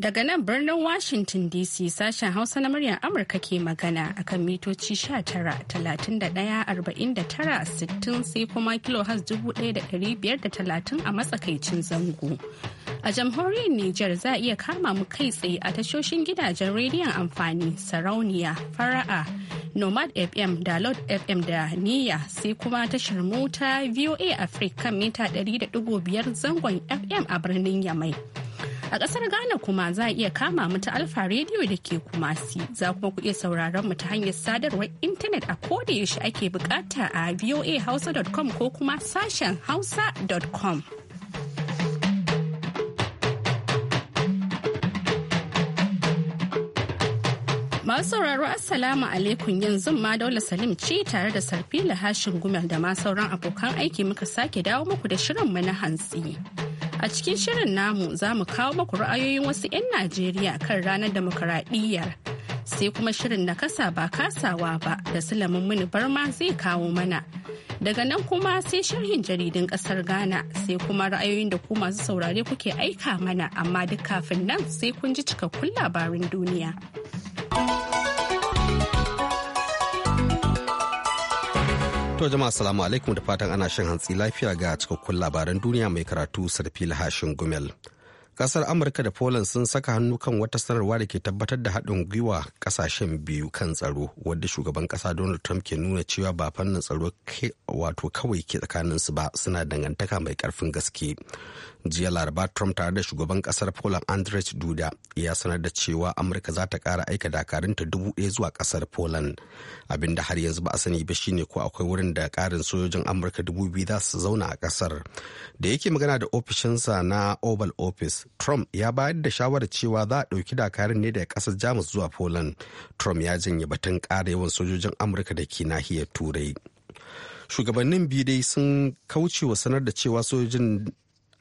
Daga nan birnin Washington DC sashen Hausa na muryar Amurka ke magana akan mitoci 19 da tara sittin sai kuma da 1,530 a matsakaicin zango. A jamhuriyar Nijar za a iya kama mu kai tsaye a tashoshin gidajen rediyon amfani sarauniya fara'a nomad fm da lord fm da niya sai kuma tashar mota voa africa kan mita 100.5 zangon fm a birnin yamai. A ƙasar Ghana kuma za a iya kama mu ta Alfa Radio da ke Kumasi. Za kuma ku iya sauraron mu ta hanyar sadarwar intanet a koda yaushe ake bukata a voahausa.com ko kuma sashen hausa.com. Masu sauraro Assalamu alaikum yanzu ma Daula Salim ce tare da Sarfila Hashin Gumel da ma sauran abokan aiki muka sake dawo muku da shirin mu na hantsi. A cikin shirin namu za mu kawo maku ra'ayoyin wasu 'yan Najeriya kan ranar demokuraɗiyyar. Sai kuma shirin na kasa ba kasawa ba da sulamin mini barma zai kawo mana. Daga nan kuma sai sharhin jaridun ƙasar Ghana sai kuma ra'ayoyin da ku masu saurare kuke aika mana amma duk kafin nan sai kun ji cikakkun labarin duniya. To jama'a salamu alaikum da fatan ana shan hantsi lafiya ga cikakkun labaran duniya mai karatu sarfi lahashin gumel. Kasar Amurka da Poland sun saka hannu kan wata sanarwa da ke tabbatar da haɗin gwiwa ƙasashen biyu kan tsaro wadda shugaban ƙasa Donald Trump ke nuna cewa ba fannin tsaro wato kawai ke tsakaninsu ba suna dangantaka mai karfin gaske. jiya laraba trump tare da shugaban kasar poland andrzej duda ya sanar da cewa amurka za ta kara aika dakarunta dubu ɗaya zuwa kasar poland abinda har yanzu ba a sani ba shine ko akwai wurin da karin sojojin amurka dubu biyu za su zauna a kasar da yake magana da ofishinsa na oval office trump ya bayar da shawarar cewa za a ɗauki dakarun ne daga kasar jamus zuwa poland trump ya janye batun ƙara yawan sojojin amurka da ke nahiyar turai shugabannin biyu dai sun kauce wa sanar da cewa sojojin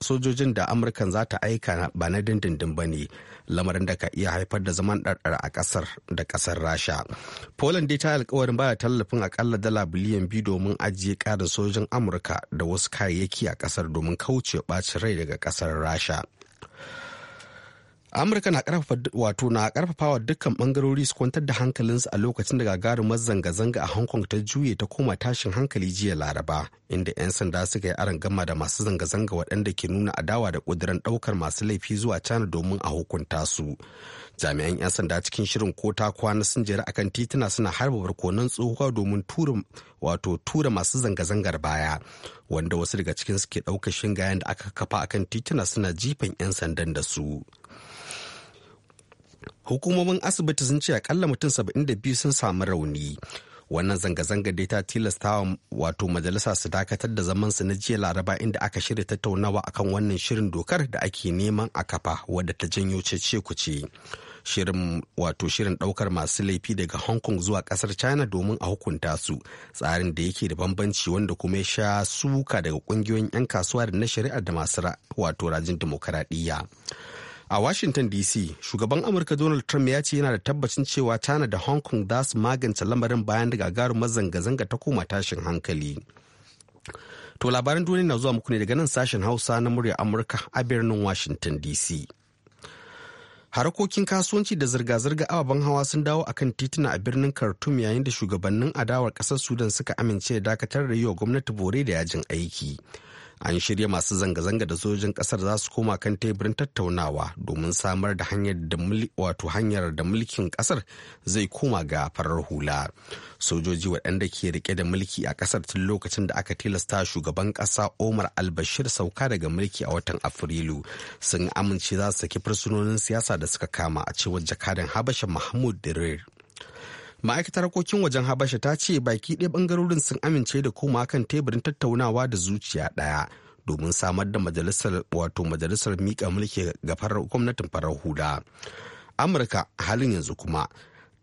sojojin da amurkan za ta aika ba na dindindin ba ne lamarin da ka iya haifar da zaman ɗarɗar a ƙasar da ƙasar rasha poland dai ta alkawarin ba da tallafin akalla dala biliyan biyu domin ajiye ƙarin sojojin amurka da wasu kayayyaki a ƙasar domin kauce ɓacin rai daga ƙasar rasha amurka na karfafa wato na karfafawa dukkan bangarori su kwantar da hankalinsu a lokacin da gagarumar zanga-zanga a hong kong ta juye ta koma tashin hankali jiya laraba inda 'yan sanda suka yi aron gama da masu zanga-zanga waɗanda ke nuna adawa da ƙudurin ɗaukar masu laifi zuwa cana domin a hukunta su jami'an 'yan sanda cikin shirin ko ta kwana sun jera akan tituna suna harba barkonan tsohuwa domin tura wato tura masu zanga-zangar baya wanda wasu daga cikin suke ke ɗaukar shingayen da aka kafa akan tituna suna jifan 'yan sandan da su hukumomin asibiti sun ce akalla mutum 72 sun samu rauni wannan zanga-zanga dai ta tilasta wato majalisa su dakatar da zaman su na jiya laraba inda aka shirya tattaunawa akan wannan shirin dokar da ake neman a kafa wadda ta janyo cece kuce shirin wato shirin daukar masu laifi daga hong kong zuwa kasar china domin a hukunta su tsarin da yake da bambanci wanda kuma ya sha suka daga kungiyoyin 'yan kasuwa da na shari'a da masu wato rajin dimokuraɗiyya A Washington DC, shugaban Amurka Donald Trump ya ce yana da tabbacin cewa China da Hong Kong za su magance lamarin bayan da gagarumar zanga-zanga ta koma tashin hankali. To labaran duniya na zuwa muku ne daga nan sashen Hausa na murya Amurka a birnin Washington DC. Harakokin kasuwanci da zirga-zirga ababen hawa sun dawo akan tituna a birnin Khartoum yayin da shugabannin adawar ƙasar Sudan suka amince da dakatar da yiwa gwamnati bore da yajin aiki. an shirya masu zanga-zanga da sojojin kasar za su koma kan teburin tattaunawa domin samar da hanyar da wato hanyar da mulkin kasar zai koma ga farar hula sojoji waɗanda ke rike da mulki a kasar tun lokacin da aka tilasta shugaban ƙasa omar albashir sauka daga mulki a watan afrilu sun amince za su saki fursunonin siyasa da suka kama a cewar jakadan habasha mahmud dirir ma'aikatar harkokin wajen habasha ta ce baki ɗaya bangarorin sun amince da koma kan teburin tattaunawa da zuciya ɗaya domin samar da majalisar wato majalisar miƙa mulki ga farar gwamnatin farar hula amurka halin yanzu kuma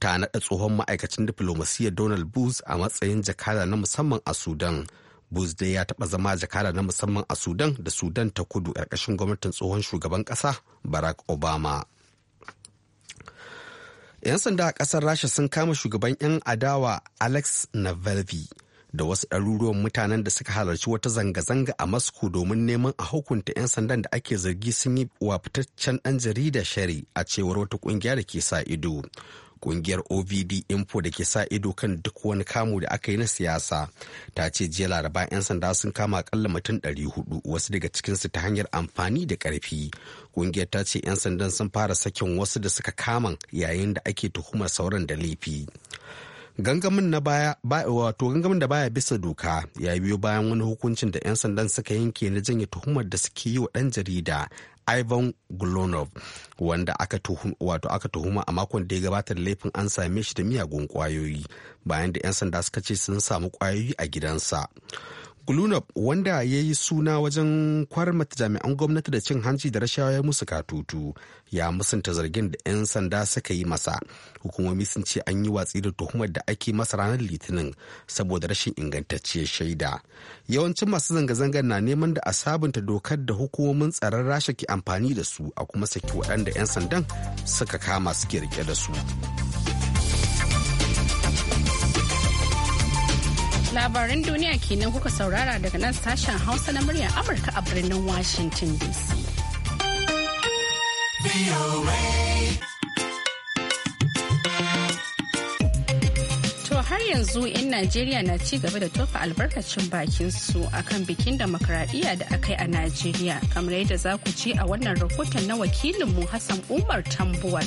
ta naɗa tsohon ma'aikacin diflomasiyyar donald bush a matsayin jakada na musamman a sudan bush dai ya taɓa zama jakada na musamman a sudan da sudan ta kudu ƙarƙashin gwamnatin tsohon shugaban ƙasa barack obama 'Yan sanda a ƙasar Rasha sun kama shugaban 'yan adawa Alex Navalny da wasu ɗaruruwan mutanen da suka halarci wata zanga-zanga a Moscow domin neman a hukunta 'yan sandan da ake zargi sun yi wa fitaccen ɗan jarida shari a cewar wata ƙungiya da ke sa ido. Kungiyar OVD Info da ke sa ido kan duk wani kamu da aka yi na siyasa ta ce jiya laraba 'yan sanda sun kama akalla mutum 400 wasu daga cikinsu ta hanyar amfani da ƙarfi. Kungiyar ta ce 'yan sandan sun fara sakin wasu da suka kaman yayin da ake tuhumar sauran da laifi. gangamin na baya wato gangamin da baya bisa doka ya biyo bayan wani hukuncin da 'yan sandan suka yanke na janye tuhumar da suke yi wa dan jarida ivan glonov wanda aka wato aka tuhuma a makon da ya gabata da laifin an same shi da miyagun kwayoyi bayan da 'yan sanda suka ce sun samu kwayoyi a gidansa. Glunop wanda ya yi suna wajen kwarmat jami'an gwamnati da cin hanci da rashawa ya musu katutu ya musanta zargin da 'yan sanda suka yi masa. Hukumomi sun ce an yi watsi da tuhumar da ake masa ranar Litinin saboda rashin ingantacciyar shaida. Yawancin masu zanga-zangar na neman da a sabunta dokar da hukumomin tsaron Rasha ke amfani da su a kuma saki waɗanda 'yan sandan suka kama suke rike da su. Labaran duniya kenan kuka saurara daga nan sashen Hausa na murya Amurka a birnin Washington DC. To har yanzu 'yan Najeriya na ci gaba da tofa albarkacin bakin su akan bikin demokradiyya da aka yi a Najeriya kamar yadda za ku ci a wannan rahoton na wakilinmu Hassan Umar Tambuwal.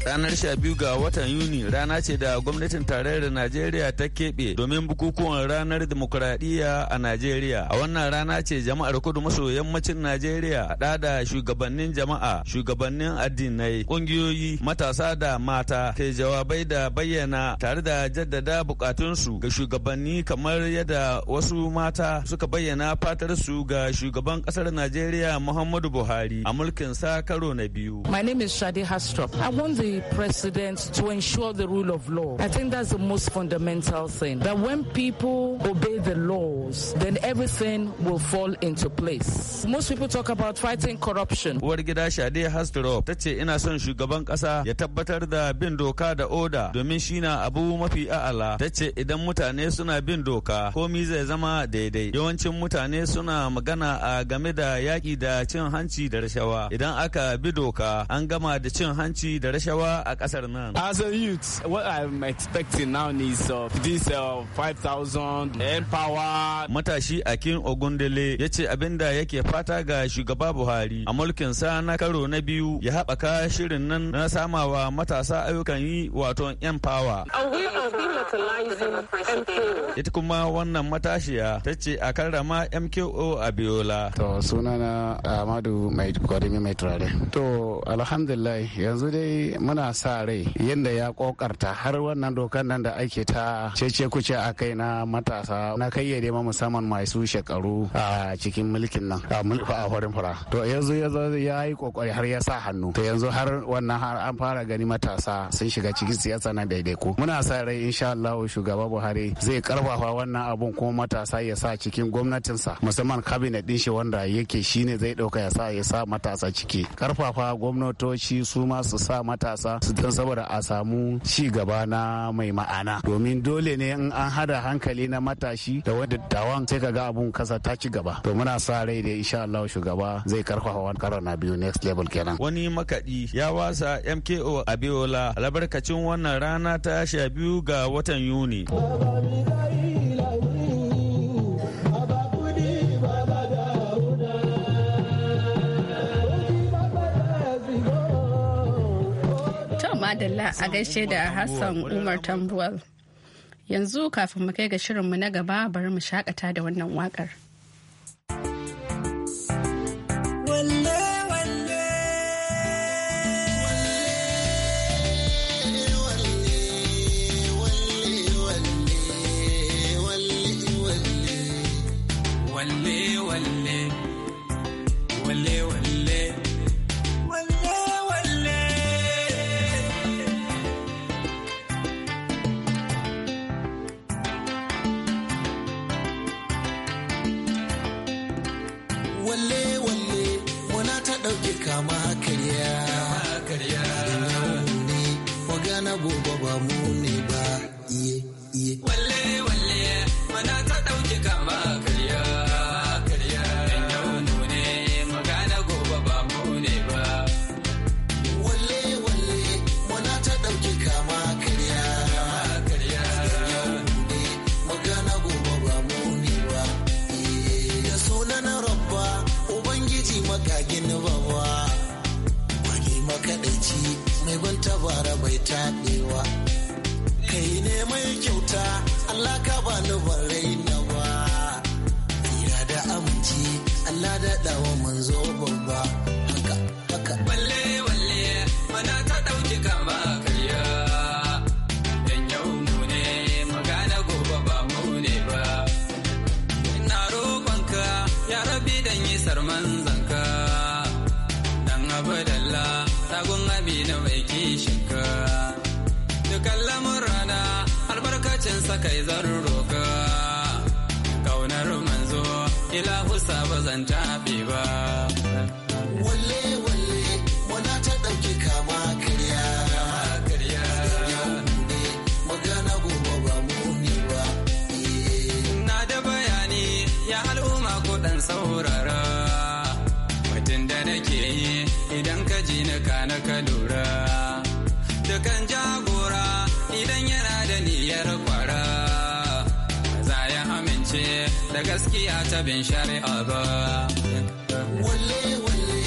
Ranar 12 ga watan Yuni rana ce da gwamnatin tarayyar Najeriya ta keɓe domin bukukuwan ranar demokuraɗiyya a Najeriya. A wannan rana ce jama'ar kudu maso yammacin Najeriya haɗa da shugabannin jama'a, shugabannin addinai, ƙungiyoyi, matasa da mata ke jawabai da bayyana tare da jaddada bukatunsu ga shugabanni kamar yadda wasu mata suka bayyana fatar su ga shugaban ƙasar Najeriya Muhammadu Buhari a mulkin sa karo na biyu. My name is Shadi Hastrop. I want the the president to ensure the rule of law. I think that's the most fundamental thing. That when people obey the laws, then everything will fall into place. Most people talk about fighting corruption. Uwar gida Shade Hasdorop ta ce ina son shugaban kasa ya tabbatar da bin doka da oda domin shi na abu mafi a'ala. Ta ce idan mutane suna bin doka komi zai zama daidai. Yawancin mutane suna magana a game da yaƙi da cin hanci da rashawa. Idan aka bi doka an gama da cin hanci da rashawa rawa a kasar nan as a youth what i'm expecting now is of this uh, 5000 empower matashi akin ogundele ya ce abinda yake fata ga shugaba buhari a mulkin sa na karo na biyu ya haɓaka shirin nan na samawa matasa ayyukan yi wato empower ita kuma wannan matashiya ta ce a karrama mko Biola. to sunana amadu mai mai turare to alhamdulillah yanzu dai muna sa rai yadda ya kokarta har wannan dokar nan da ake ta cece kuce a kai na matasa na kayyade ma musamman masu shekaru a cikin mulkin nan a a horin fara to yanzu ya yi kokari har ya sa hannu to yanzu har wannan har an fara gani matasa sun shiga cikin siyasa na daidai ko. muna sa rai insha Allah shugaba Buhari zai karfafa wannan abun kuma matasa ya sa cikin gwamnatinsa musamman cabinet din shi wanda yake shine zai dauka ya sa ya sa matasa ciki karfafa gwamnatoci su ma su sa matasa matasa don saboda a samu ci gaba na mai ma'ana domin dole ne in an hada hankali na matashi da wanda dattawan sai ka ga abun kasa ta ci gaba to muna sa rai da insha Allah shugaba zai karfafa wani karo na biyu next level kenan wani makadi ya wasa MKO Abiola albarkacin wannan rana ta 12 biyu ga watan Yuni. madalla a gaishe da Hassan Umar Tambuwal. Yanzu kafin mu kai ga shirinmu na gaba bari mu shakata da wannan wakar. ubangiji makagin bawa wani makadaici mai ban tabara bai taɓewa kai ne mai kyauta allah ka ba saurara mutum da nake yi idan ka ji na kana ka lura dukan jagora idan yana da niyyar kwara za ya amince da gaskiya ta bin shari'a ba walle walle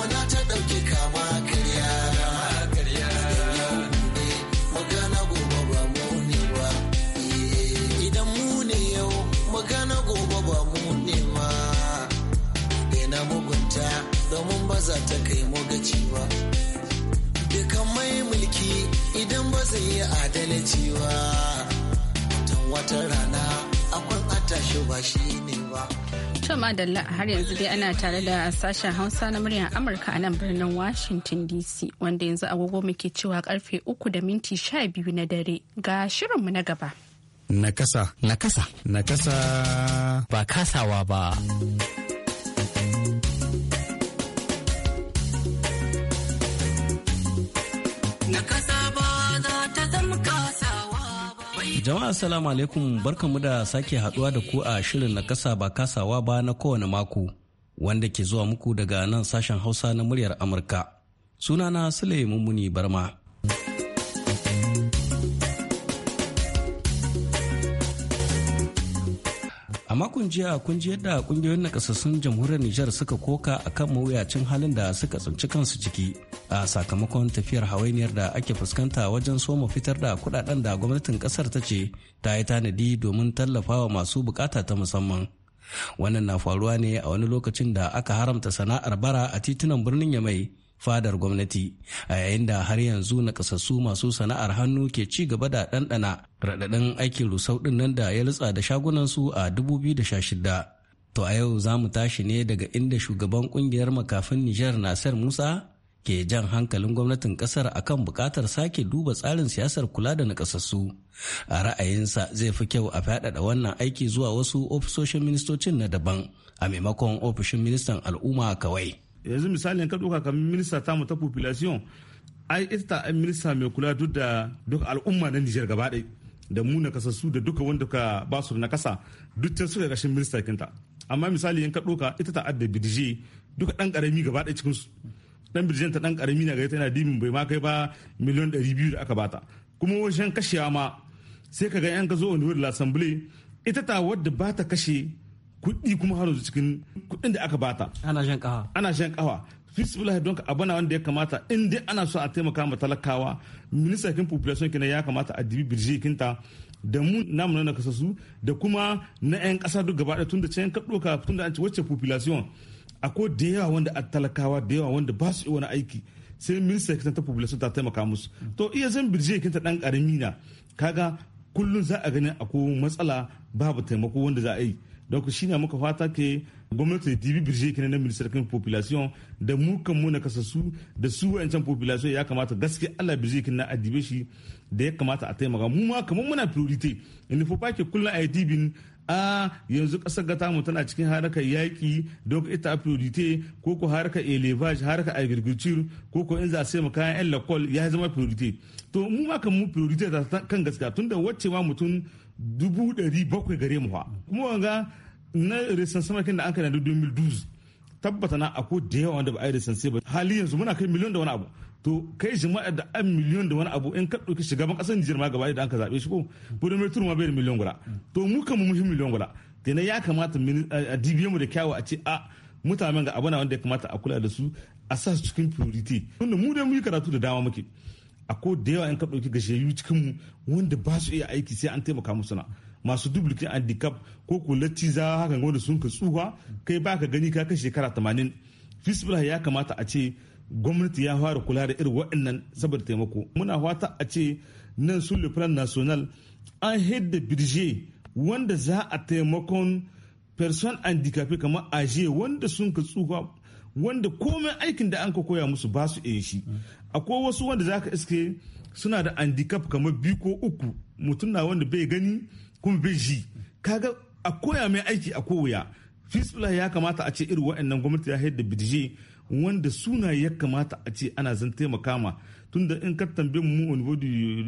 wana ta dauke za ta kai gaci ba dukan mai mulki idan ba zai yi adalci ba tun wata rana akwai atashi ba shi ne ba To Madalla har yanzu dai ana tare da sashen Hausa na muryar Amurka a nan birnin Washington DC wanda yanzu agogo muke cewa karfe uku da minti sha biyu na dare ga shirinmu na gaba. Nakasa. Nakasa. Nakasa. Ba kasawa ba. Jama'a salamu alaikum barkanmu da sake haduwa da ku a shirin na kasa ba kasawa ba na kowane mako wanda ke zuwa muku daga nan sashen hausa na muryar Amurka. Sunana Sule Mummuni Barma. a makon jiya kun ji yadda kungiyoyin nakasassun jamhuriyar nijar suka koka a kan mawuyacin halin da suka tsinci kansu ciki a sakamakon tafiyar hawainiyar da ake fuskanta wajen soma fitar da kudaden da gwamnatin kasar ta ce ta yi tanadi domin tallafawa masu bukata ta musamman wannan na faruwa ne a wani lokacin da aka haramta sana'ar bara a titunan birnin yamai fadar gwamnati a yayin da har yanzu nakasassu masu sana'ar hannu ke ci gaba da ɗanɗana raɗaɗin aikin rusau ɗin nan da ya rutsa da shagunansu a 2016 to a yau za mu tashi ne daga inda shugaban ƙungiyar makafin nijar nasir musa ke jan hankalin gwamnatin kasar akan bukatar sake duba tsarin siyasar kula da nakasassu a ra'ayinsa zai fi kyau a faɗaɗa wannan aiki zuwa wasu ofisoshin ministocin na daban a maimakon ofishin ministan al'umma kawai yanzu misali ka ɗauka kamar minista tamu ta population ai ita ta minista mai kula duk da duk al'umma na Nijar gaba ɗaya da mu na kasa su da duka wanda ka ba su na kasa duk can suka kashin minista kinta amma misali yan ka ɗauka ita ta adda bidije duka ɗan ƙarami gaba ɗaya cikin su ɗan bidijen ta ɗan ƙarami na gaita yana dimin bai ma kai ba miliyan ɗari biyu da aka bata kuma wajen kashewa ma sai ka ga yan ka zo wani wurin assembly ita ta wadda ba ta kashe kuɗi kuma har cikin kuɗin da aka bata ana shan kawa ana shan kawa bismillah don abana wanda ya kamata in dai ana so a taimaka ma talakawa minista kin population kina ya kamata a dibi birji kinta da mu namu na su da kuma na yan kasa duk gaba tun da can ka doka tun da an ci wacce population akwai da yawa wanda a talakawa da yawa wanda ba su yi wani aiki sai minista kinta ta population ta taimaka musu to iya zan birji kinta dan karami na kaga kullum za a ganin akwai matsala babu taimako wanda za a yi donc shi ne muka fata ke gwamnati da dibi birje kenan na minister kan population da mu kan mu na su da su wayancan population ya kamata gaske Allah birje kenan a adibe shi da ya kamata a taimaka mu ma kamar muna priority in fa ba ke kullun a dibin a yanzu kasar gata mu tana cikin harkar yaki don ita priority ko ko harkar elevage harkar agriculture ko ko in za a mu kayan yan lakol ya zama priority to mu ma kan mu priority kan gaskiya tunda wacce ma mutum dubu ɗari bakwai gare mu kuma wanga na resansan da an kana da 2012 tabbata na ako da yawa wanda ba a yi resansan ba hali yanzu muna kai miliyon da wani abu to kai jima'a da an miliyon da wani abu in ka ɗauki shiga ƙasar Nijar ma gaba da an ka zaɓe shi ko mai Turma bai da miliyon guda to mu kan mu miliyon guda tana ya kamata a dibiyan mu da kyawu a ce a mutanen ga abu na wanda ya kamata a kula da su a sa su cikin priority tunda mu da mu yi karatu da dama muke A ko da yawa in ka ɗauki gashayyu cikin mu wanda ba su iya aiki sai an taimaka musu na masu dublikin handicap ko ko lattiza hakan wanda sun ka tsuha kai baka gani ka kai shekara tamanin fisbula ya kamata a ce gwamnati ya fara kula da irin waɗannan saboda taimako muna fata a ce nan sun lefran national an hedda birje wanda za a taimakon person handicapé kamar aje wanda sun ka tsuha wanda komai aikin da an ka koya musu ba su iya shi akwai wasu wanda za ka iske suna da handicap kamar biyu ko uku mutum na wanda bai gani kuma bai ji kaga a koya mai aiki a koya fisbula ya kamata a ce iri waɗannan gwamnati ya haidda bidije wanda suna ya kamata a ce ana zan taimaka ma tunda in ka tambe mu au niveau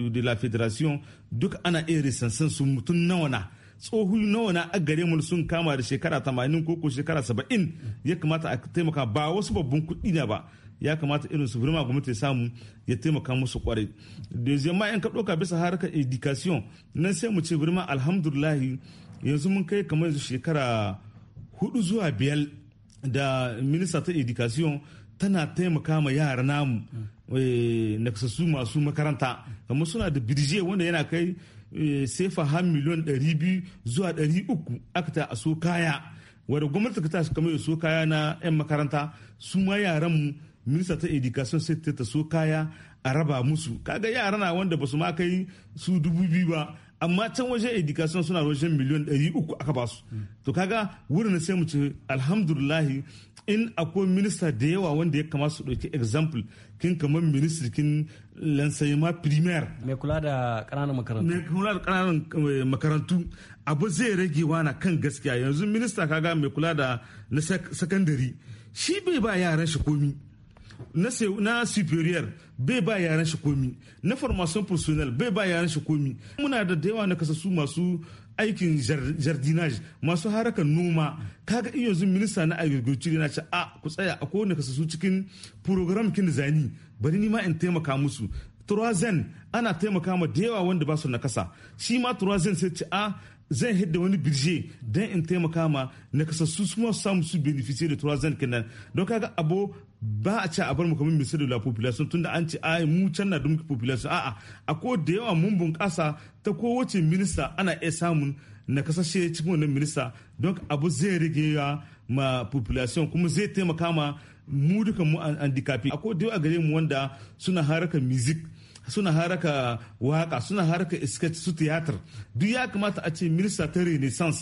de la federation duk ana iya risansan su mutum nawa na tsohu nawa na a gare mun sun kama da shekara 80 ko ko shekara 70 ya kamata a taimaka ba wasu babban kuɗi na ba ya kamata irin su birma gwamnati samu ya taimaka musu kwarai da ma yan ka ɗauka bisa harkar education nan sai mu ce birma alhamdulillahi yanzu mun kai kamar yanzu shekara hudu zuwa biyar da minista ta education tana taimaka ma yara namu eh, nakasassu masu makaranta kamar suna da birje wanda yana kai eh, sai har miliyan 200 zuwa 300 aka ta a so kaya wadda gwamnati ka kama kamar so kaya na 'yan makaranta su ma yaran mu minista ta education sai ta taso kaya a raba musu kaga yara na wanda basu ma kai su dubu biyu ba amma can wajen education suna wajen miliyan ɗari uku aka ba su to kaga wurin sai mu ce alhamdulillahi in akwai minista da yawa wanda ya kama su ɗauki example kin kamar ministry kin ma premier mai kula da ƙananan makarantu mai kula da ƙananan eh, makarantu abu zai rage wana kan gaskiya yanzu minista kaga mai kula da na secondary shi bai ba yaran shi komi na na superior bai ba yaran shi komi na formation personnel bai ba yaran shi komi muna da da yawa na kasasu masu aikin jardinage masu harakan noma kaga in yanzu minista na agriculture na ce a ah, ku tsaya a kowane kasasu cikin program kin zani bari ni ma in taimaka musu turazen ana taimaka ma da yawa wanda ba su na kasa shi ma turazen sai ce a ah, zan hidda wani birje don in taimaka ma na kasassu su ma samu su benefice da turazan kenan don kaga abo ba a ce a bar mu kamar misali la population da an ce ai mu can na dumki population a'a a ko da yawa mun bunƙasa ta kowace minista ana iya samun na kasashe cikin wannan minista don abu zai rage ma population kuma zai taimaka ma mu duka mu handicapin a ko da yawa gare mu wanda suna haraka music suna haraka waka suna haraka sketch su tiyatar duk ya kamata a ce minista ta renaissance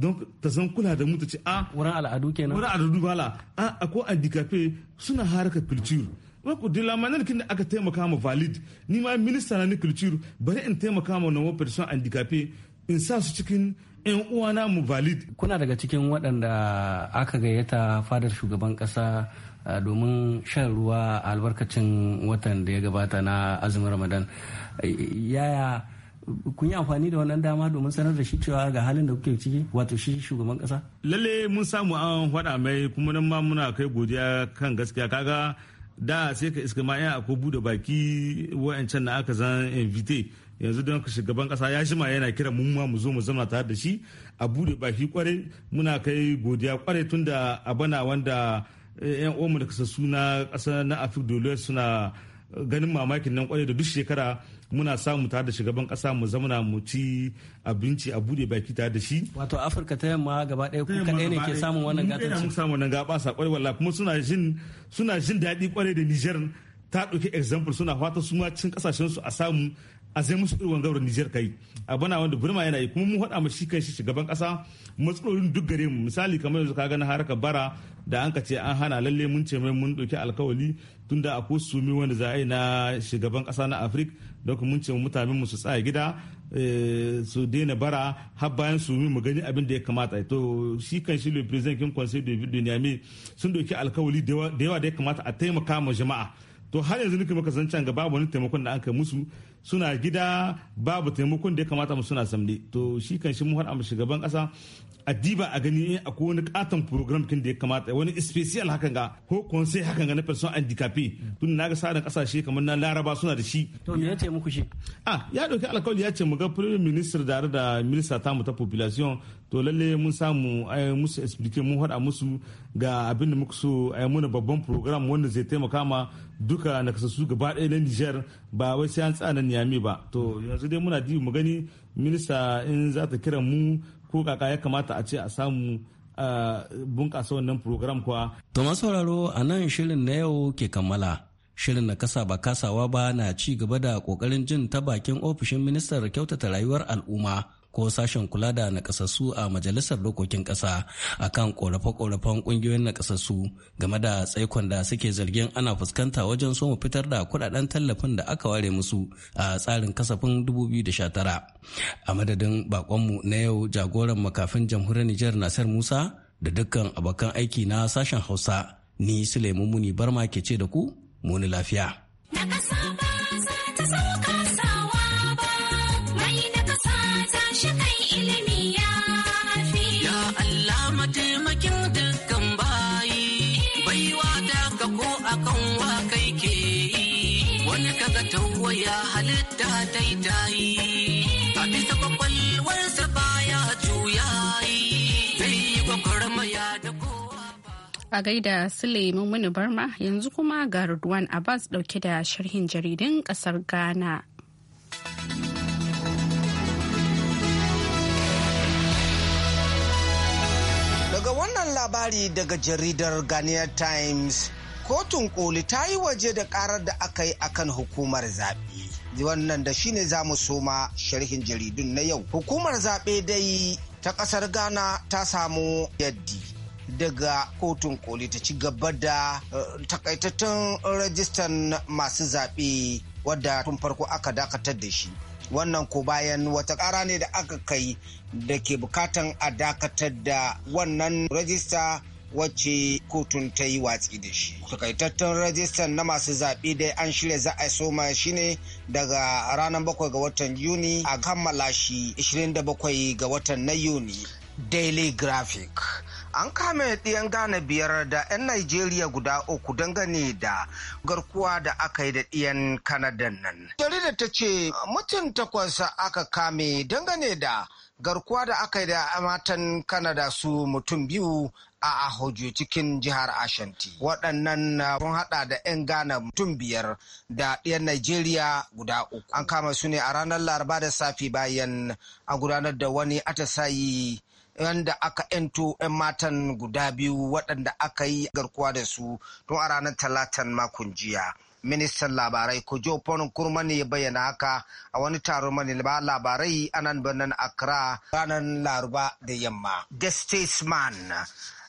don ta san kula da mu ta ce a wurin al'adu kenan wurin al'adu bala a ko a dikafe suna haraka culture ko de la manière kin aka taimaka ma valid ni ma minista na ni culture bari in taimaka ma nawa person handicapé in sa su cikin yan uwana mu valid kuna daga cikin waɗanda aka gayyata fadar shugaban ƙasa domin shan ruwa albarkacin watan da ya gabata na azumin ramadan yaya kun yi amfani da wannan dama domin sanar da shi cewa ga halin da kuke ciki wato shi shugaban kasa lalle mun samu an faɗa mai kuma nan ma muna kai godiya kan gaskiya kaga da sai ka iska ma yan ko bude baki wa'ancan na aka zan invite yanzu don shugaban kasa ya shima yana kira mun ma mu zo mu zama tare da shi a bude baki kwarai muna kai godiya kwarai tunda bana wanda yan uwanmu da kasassu na kasa na afirka dole suna ganin mamakin nan kwarai da duk shekara muna samu tare da shugaban kasa mu zamana mu ci abinci a bude baki tare da shi wato afirka ta yamma gaba ɗaya ku kadai ne ke samun wannan gatan ci samu nan gaba sa kwarai wallahi kuma suna jin suna jin daɗi kwarai da Niger ta ɗauki example suna fata su ma cin kasashen su a samu a zai musu irin gaurin Niger kai a wanda Burma yana yi kuma mun haɗa mu shi kan shi shugaban kasa matsalolin duk gare mu misali kamar yanzu ka gani haraka bara da an ka ce an hana lalle mun ce mai mun ɗauki alkawali tun da akwai sumi wanda za a yi na shugaban ƙasa na afirka don mun ce mutane mu su tsaya gida eh, su daina bara har bayan sumi mu gani abin da ya kamata to shi kan shi le president kin conseil de ville de sun ɗauki alkawali da yawa da ya kamata a taimaka ma jama'a to har yanzu nake maka can ga babu wani taimakon da an kai musu suna gida babu taimakon da ya kamata mu suna samde to shi kan shi mun haɗa mu shugaban kasa a diba a gani in akwai wani katon program kin da ya kamata wani special hakan ga ko konsai hakan ga na person handicapé tun na ga sadan kasashe kamar na laraba suna da shi to me ce muku shi ah ya dauki alƙawari ya ce mu ga prime minister da da minister ta mu ta population to lalle mun samu ai musu explain mun hada musu ga abin da muku so ai muna babban program wanda zai taimaka ma duka nakasassu gaba ɗaya na Niger ba wai sai an tsanan yami ba to yanzu dai muna di mu gani minista in za ta kira mu ko kaka ya kamata a ce a samu bunƙasa wannan program kuwa. to masu sauraro a nan shirin na yau ke kammala shirin na kasa ba kasawa ba na ci gaba da kokarin jin ta bakin ofishin ministar kyautata rayuwar al'umma ko sashen kula da nakasassu a majalisar dokokin ƙasa akan korafe-korafen ƙungiyoyin nakasassu game da tsaikon da suke zargin ana fuskanta wajen so mu fitar da kuɗaɗen tallafin da aka ware musu a tsarin kasafin 2019 a madadin bakonmu na yau jagoran makafin jamhuriyar Nijar Nasir Musa da dukkan abokan aiki na sashen Hausa ni Suleiman Muni Barma ke ce da ku muni lafiya. a kwakwalwarsa baya gaida Suleiman mummuni barma yanzu kuma ga Ridwan Abbas dauke da sharhin jaridin kasar Ghana. Daga wannan labari daga jaridar Ghanaian Times, kotun koli ta yi waje da karar da aka yi akan hukumar zaɓe. wannan da shine za mu soma sharhin jaridun na yau hukumar zaɓe dai ta ƙasar ghana ta samu yaddi daga kotun koli ta ci gaba da eh, takaitattun rajistan masu zaɓe wadda tun farko aka dakatar da shi wannan ko bayan wata ƙara ne da aka kai da ke bukatan a dakatar da wannan rajista wacce kotun ta yi watsi da shi. Takaitattun rajistan na masu zaɓe dai an shirya za a soma shi ne daga ranar bakwai ga watan Yuni a kammala shi 27 ga watan na Yuni. Daily Graphic. an kame ɗiyan Gane biyar da 'yan Najeriya guda uku dangane da garkuwa da aka yi da ɗiyan Kanada nan. da ta ce mutum takwas aka kame dangane da garkuwa da aka yi da matan Kanada su mutum biyu a Ahoju cikin jihar Ashanti. Waɗannan uh, sun haɗa da 'yan Ghana mutum biyar da ɗiyan Najeriya guda uku. An kama su ne a ranar Laraba da safi bayan a gudanar da wani atasayi wanda aka 'yanto 'yan matan guda biyu waɗanda aka yi garkuwa da su tun a ranar talatan makon jiya. ministan labarai kujo ponin kurma ne bayyana haka a wani taron manilba labarai a nan birnin accra ranar laruba da yamma the statesman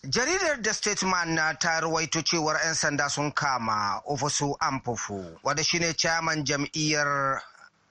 jaridar da stateman ta rawaito cewar 'yan sanda sun kama ofisu amfufu wadda shine chairman jam'iyyar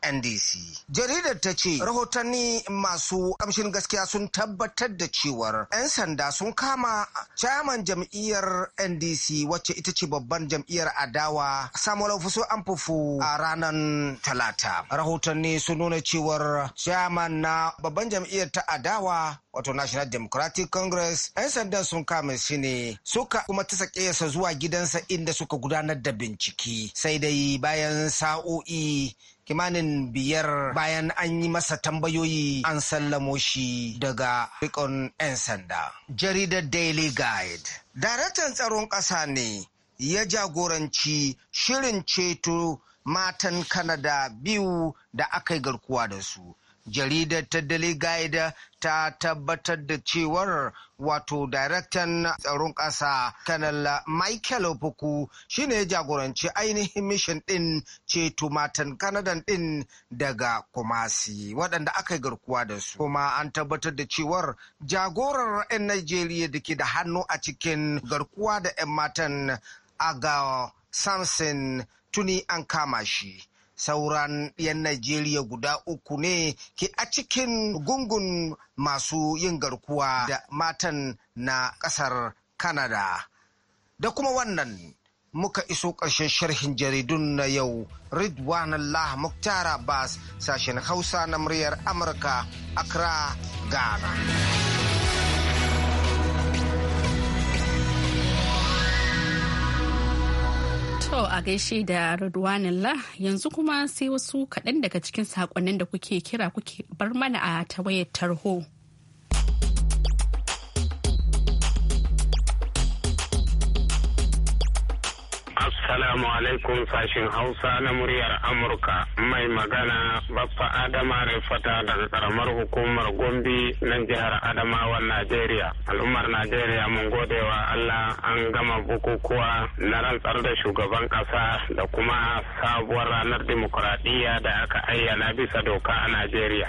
NDC. Jaridar ta ce rahotanni masu kamshin gaskiya sun tabbatar da cewar 'yan sanda sun kama chairman jam'iyyar NDC wacce ita ce babban jam'iyyar adawa Samuel Fuso Amfufu a ranar Talata. Rahotanni sun nuna cewar chairman na babban jam'iyyar ta adawa wato National Democratic Congress 'yan sandan sun kama shi ne suka kuma ta sa zuwa gidansa inda suka gudanar da bincike sai dai bayan sa'o'i kimanin biyar bayan an yi masa tambayoyi an sallamo shi daga rikon 'yan sanda. Jaridar Daily Guide. Daraktan tsaron ƙasa ne ya jagoranci shirin ceto matan Kanada biyu da aka yi garkuwa da su. jaridar ta Daily Guide ta tabbatar da cewar wato daraktan tsaron ƙasa kanal michael Puku, shine jagoranci ainihin mishin ɗin ceto matan kanadan ɗin daga kumasi waɗanda aka yi garkuwa da su kuma an tabbatar da cewar jagorar 'yan najeriya da ke da hannu a cikin garkuwa da 'yan matan aga samson tuni an kama shi sauran 'yan Najeriya guda uku ne ke a cikin gungun masu yin garkuwa da matan na ƙasar Canada. Da kuma wannan muka iso ƙarshen sharhin jaridun na yau Ridwan Allah muktara Abbas sashen Hausa na muryar Amurka Accra, Ghana. To a gaishe da Radwanillah yanzu kuma sai wasu kaɗan daga cikin saƙonnin da kuke kira kuke bar mana a tawayar tarho. Assalamu alaikum sashen Hausa na muryar Amurka mai magana Baffa Adama Rifata daga karamar hukumar Gombe na jihar Adamawa Najeriya. Al'ummar Najeriya mun godewa Allah an gama bukukuwa na rantsar da shugaban kasa da kuma sabuwar ranar dimokuraɗiyya da aka ayyana bisa doka a Najeriya.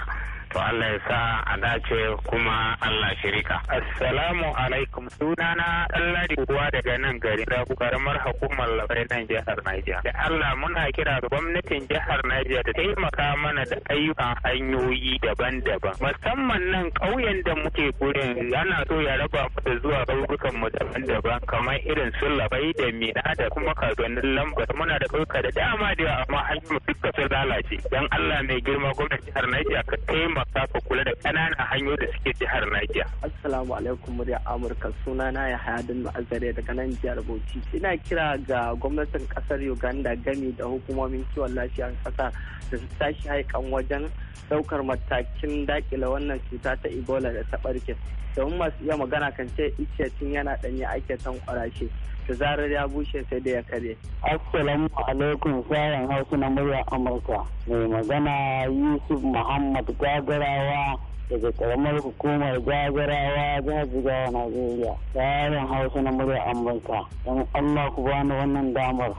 to Allah ya sa a dace kuma Allah shirika. Assalamu alaikum Suna sunana Ɗanladi kuwa daga nan gari da karamar hukumar labarai nan jihar Najeriya. Da Allah muna kira ga gwamnatin jihar Najeriya ta taimaka mana da ayyukan hanyoyi daban-daban. Musamman nan ƙauyen da muke gurin ana so ya raba mu da zuwa ƙauyukan mu daban-daban kamar irin su labai da mina da kuma kadonin lamba. muna da ƙauyuka da dama da yawa amma hanyoyi duka sun lalace. Dan Allah mai girma gwamnatin jihar Najeriya ka taimaka taimaka kula da ƙananan hanyoyi da suke jihar Najeriya. Assalamu alaikum murya Amurka suna na ya hayadin azare daga nan jihar Bauchi. Ina kira ga gwamnatin ƙasar Uganda gami da hukumomin kiwon lafiyar ƙasa da su tashi haikan wajen ɗaukar matakin daƙile wannan cuta ta Ebola da ta ɓarke. domin masu iya magana kan ce ice tun yana ɗanye ake san kwarashe da zarar ya bushe sai da ya kare. Assalamu alaikum sayan hausu na murya Amurka. Mai magana Yusuf Muhammad Gagarawa daga karamar hukumar gagarawa jihar Jigawa Najeriya. Sayan hausu na murya Amurka. Don Allah ku bani wannan damar.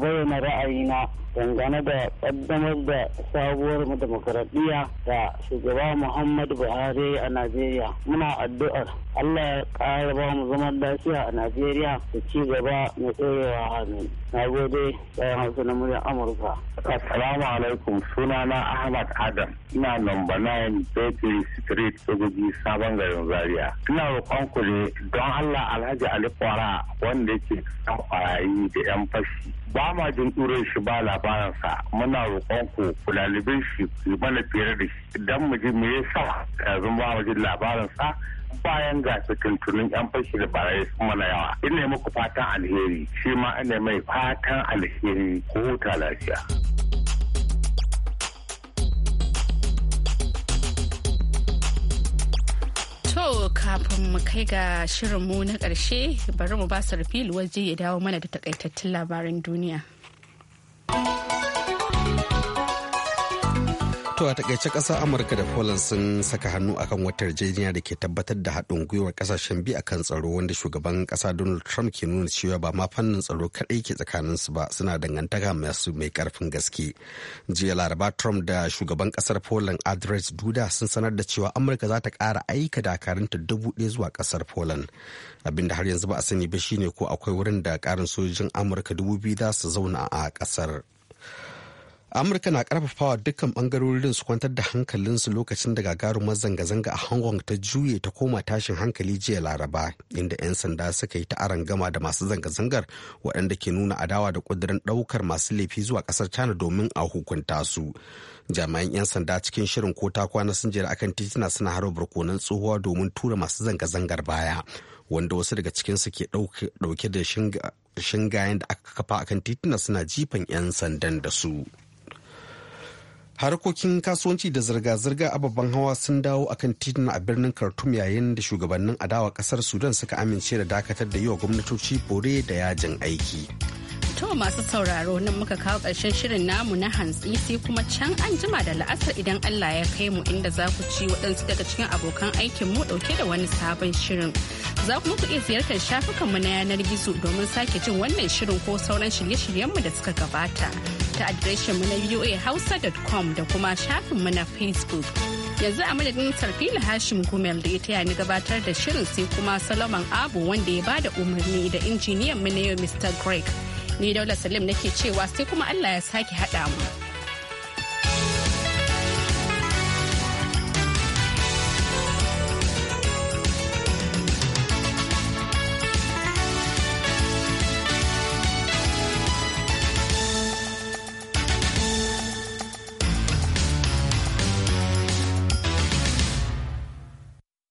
bayyana ra'ayina dangane da ƙaddamar da sabuwar demokaradiyya da shugaba muhammadu buhari a najeriya muna addu'ar allah ya ƙara ba mu zaman lafiya a najeriya da ci gaba mai tsoyewa amin na gode bayan hausa na amurka assalamu alaikum sunana ahmad adam ina number 9 bakery street sojoji sabon garin zaria ina roƙon ku ne don allah alhaji ali kwara wanda yake kan kwarayi da yan fashi ba ma jin ɗure shi ba labaransa muna roƙon ku ku lalibin shi ku mana fere da shi idan mu ji me yasa yanzu ba mu jin labarinsa bayan ga tunin yan fashi da barayi sun mana yawa ina muku fatan alheri shi ma ina mai fatan alheri ko huta lafiya. To kafin mu kai ga shirin mu na ƙarshe bari mu ba su rufi waje ya dawo mana da takaitattun labarin duniya. To a takaice ƙasar Amurka da Poland sun saka hannu akan wata yarjejeniya da ke tabbatar da haɗin gwiwar kasashen biyu akan tsaro wanda shugaban kasa Donald Trump ke nuna cewa ba ma fannin tsaro kaɗai ke tsakaninsu ba suna dangantaka masu mai karfin gaske. Jiya Laraba Trump da shugaban kasar Poland adres Duda sun sanar da cewa Amurka za ta ƙara aika dakarunta dubu ɗaya zuwa kasar Poland. Abin da har yanzu ba a sani ba shine ko akwai wurin da ƙarin sojojin Amurka dubu biyu za su zauna a kasar. amurka na karfafawa dukkan bangarorin su kwantar da hankalinsu lokacin da gagarumar zanga-zanga a hong kong ta juye ta koma tashin hankali jiya laraba inda 'yan sanda suka yi ta gama da masu zanga-zangar waɗanda ke nuna adawa da ƙudurin ɗaukar masu laifi zuwa ƙasar china domin a hukunta su jami'an 'yan sanda cikin shirin ko ta kwana sun jira akan titina suna haro barkonan tsohuwa domin tura masu zanga-zangar baya wanda wasu daga cikinsu ke ɗauke da shingayen da aka kafa akan titina suna jifan 'yan sandan da su. harkokin kasuwanci da zirga-zirga a babban hawa sun dawo akan titin a birnin khartoum yayin da shugabannin adawa kasar sudan suka amince da dakatar da yiwa gwamnatoci bore da yajin aiki To masu sauraro nan muka kawo ƙarshen shirin namu na hantsi sai kuma can an jima da la'asar idan Allah ya kai mu inda za ku ci waɗansu daga cikin abokan aikin mu ɗauke da wani sabon shirin. Za kuma ku iya ziyartar shafukanmu na yanar gizo domin sake jin wannan shirin ko sauran shirye-shiryenmu da suka gabata ta mu na voahausa.com da kuma shafinmu na Facebook. yanzu a madadin sarfila hashim gumel da ya taya ni gabatar da shirin sai kuma solomon abu wanda ya bada umarni da injiniyan mu na yau mr greg Ni Daula Salim nake cewa sai kuma Allah ya sake haɗa mu.